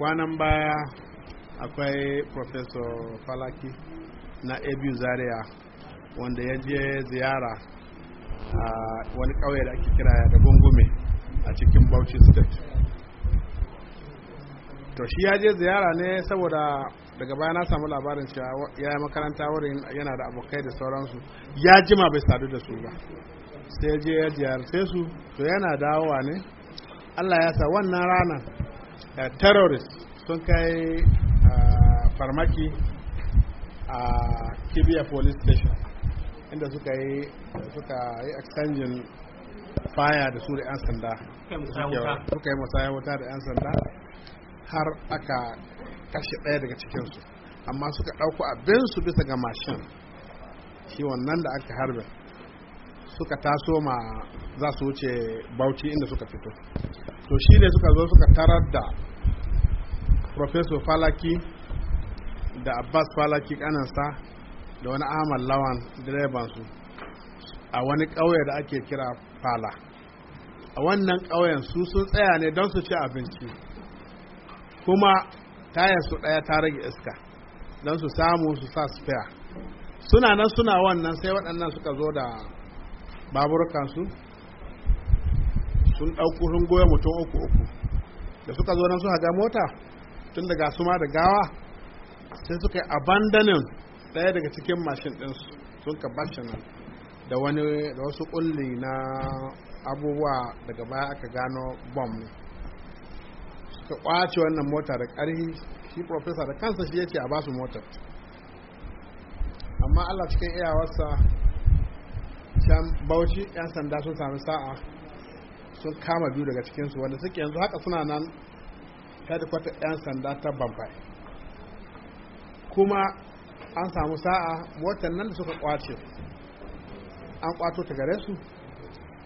kwanan baya akwai professor falaki na abu zaria wanda ya je ziyara a wani kauye da ake kira da gungume a cikin bauchi state to shi ya je ziyara ne saboda daga baya na samu labarin cewa ya yi makaranta wurin yana da abokai da sauransu ya jima bai sadu da su ba sai je ya ziyarce su to yana dawowa ne allah ya sa wannan ranar Eh, terrorist sun kai eh, farmaki a kibiya police station inda suka yi suka yi exchanging faya da su da 'yan sanda suka yi musaya wuta da 'yan sanda har aka kashe ɗaya daga cikinsu amma suka ɗauko su bisa ga mashin shi wannan da aka harbe suka taso ma za su wuce bauchi inda suka fito to shi ne suka zo suka tarar da professor falaki da abbas falaki kanansa da wani ahmad lawan direbansu a wani ƙauye da ake kira fala a wannan ƙauyen su sun tsaya ne don su ci abinci kuma tayarsu ɗaya ta rage iska don su samu su sa spare suna nan suna wannan sai waɗannan suka zo da baburkansu sun ɗauko sun goya mutum uku uku da suka zo nan suka ga mota tun daga su da gawa sai suka yi abandonin ɗaya daga cikin mashin ɗin sun ka bashi nan da wani da wasu ƙulli na abubuwa daga baya aka gano bom ne suka ƙwace wannan mota da ƙarfi shi profesa da kansa shi ya ce a basu motar amma allah cikin iyawarsa can bauchi 'yan sanda sun sami sa'a sun kama biyu daga cikinsu wanda suke yanzu haka suna nan kwata 'yan sanda ta bambai kuma an samu sa'a motar nan da suka kwace an kwato ta gare su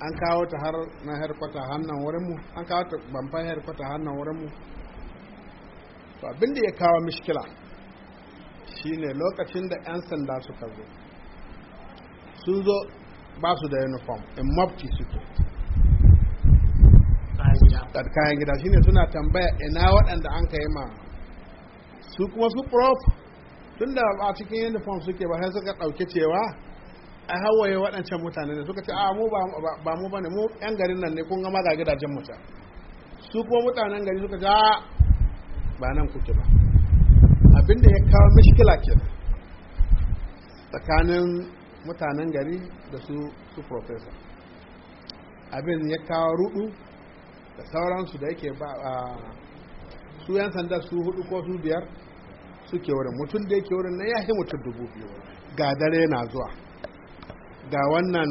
an kawo ta har na kwata hannun wurinmu an kawo ta bambai kwata hannun wurinmu to abin da ya kawo mishkila shine lokacin da 'yan sanda suka zo sun zo ba su da uniform in mafi suke kayan gida shine suna tambaya ina waɗanda an ka yi ma su kuma su prof tun da a cikin uniform suke ba sai suka ɗauki cewa a hawaye waɗancan mutane ne suka ce a mu ba mu bane mu yan garin nan ne kun ga gidajen mutum su kuma mutanen gari suka ce a ba nan kuke ba abinda ya kawo mishkila ke tsakanin mutanen gari da su su professor abin ya kawo rudu da sauransu da yake ba su yan sanda su hudu ko su biyar suke wurin mutum da yake wurin na yahi mutum dubu biyu ga dare na zuwa ga wannan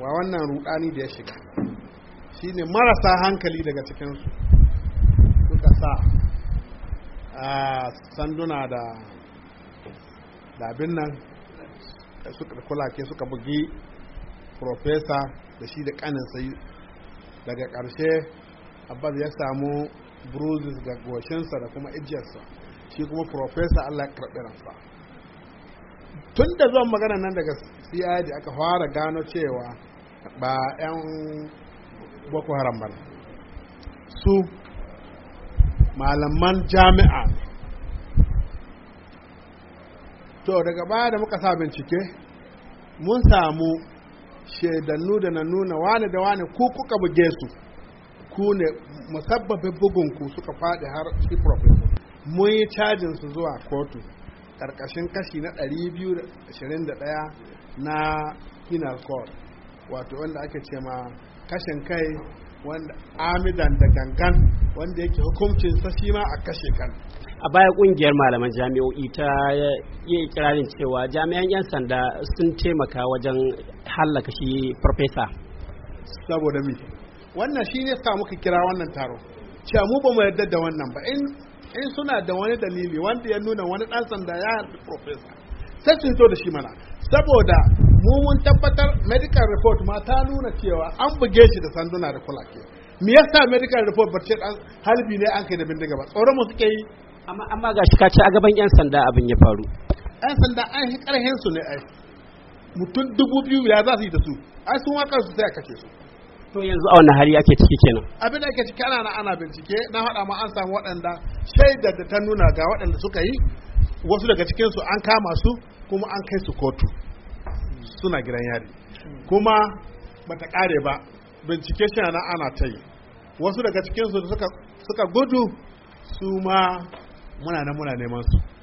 wa wannan rudani da ya shiga shine marasa hankali daga cikinsu suka sa a sanduna da labin nan da suka kulake suka bugi profesa da shi da sai daga ƙarshe abbas ya samu bruises ga goshinsa da kuma ijiyarsa shi kuma professor allah karɓiransa tun da zuwan magana nan daga cid aka fara gano cewa ba 'yan boko haram ba su malaman jami'a to daga baya da muka sa bincike mun samu shaidannu da na nuna wane da wane ku kuka buge su ku ne musabbabin bugun ku suka faɗi har shi mun yi cajin su zuwa kotu karkashin kashi na 221 na penal code wato wanda ake ce ma kashin kai wanda amidan da gangan wanda yake hukuncin sa shi ma a kashe kan a baya kungiyar malaman jami'o'i ta yi kirarin cewa jami'an 'yan sanda sun taimaka wajen hallaka shi farfesa saboda mi wannan shi ne sa muka kira wannan taro cewa mu ba mu yarda da wannan ba in suna da wani dalili wanda ya nuna wani ɗan sanda ya harbi profesa sai su da shi mana saboda mu tabbatar medical report ma ta nuna cewa an buge shi da sanduna da kulake me yasa medical report ba ce dan halbi ne an kai da bindiga ba tsoron mu suke yi amma amma gashi ka ce a gaban yan sanda abin ya faru yan sanda an karhin su ne ai mutum dubu biyu ya za su yi da su ai sun wakar su sai a kace su to yanzu a wannan hali ake ciki kenan abin da ake ciki ana na ana bincike na haɗa ma an samu waɗanda shaidar da ta nuna ga waɗanda suka yi wasu daga cikin su an kama su kuma an kai su kotu suna gidan yari kuma bata kare ba bincike shi na ana ta yi wasu daga cikin su suka gudu su ma muna nan muna neman su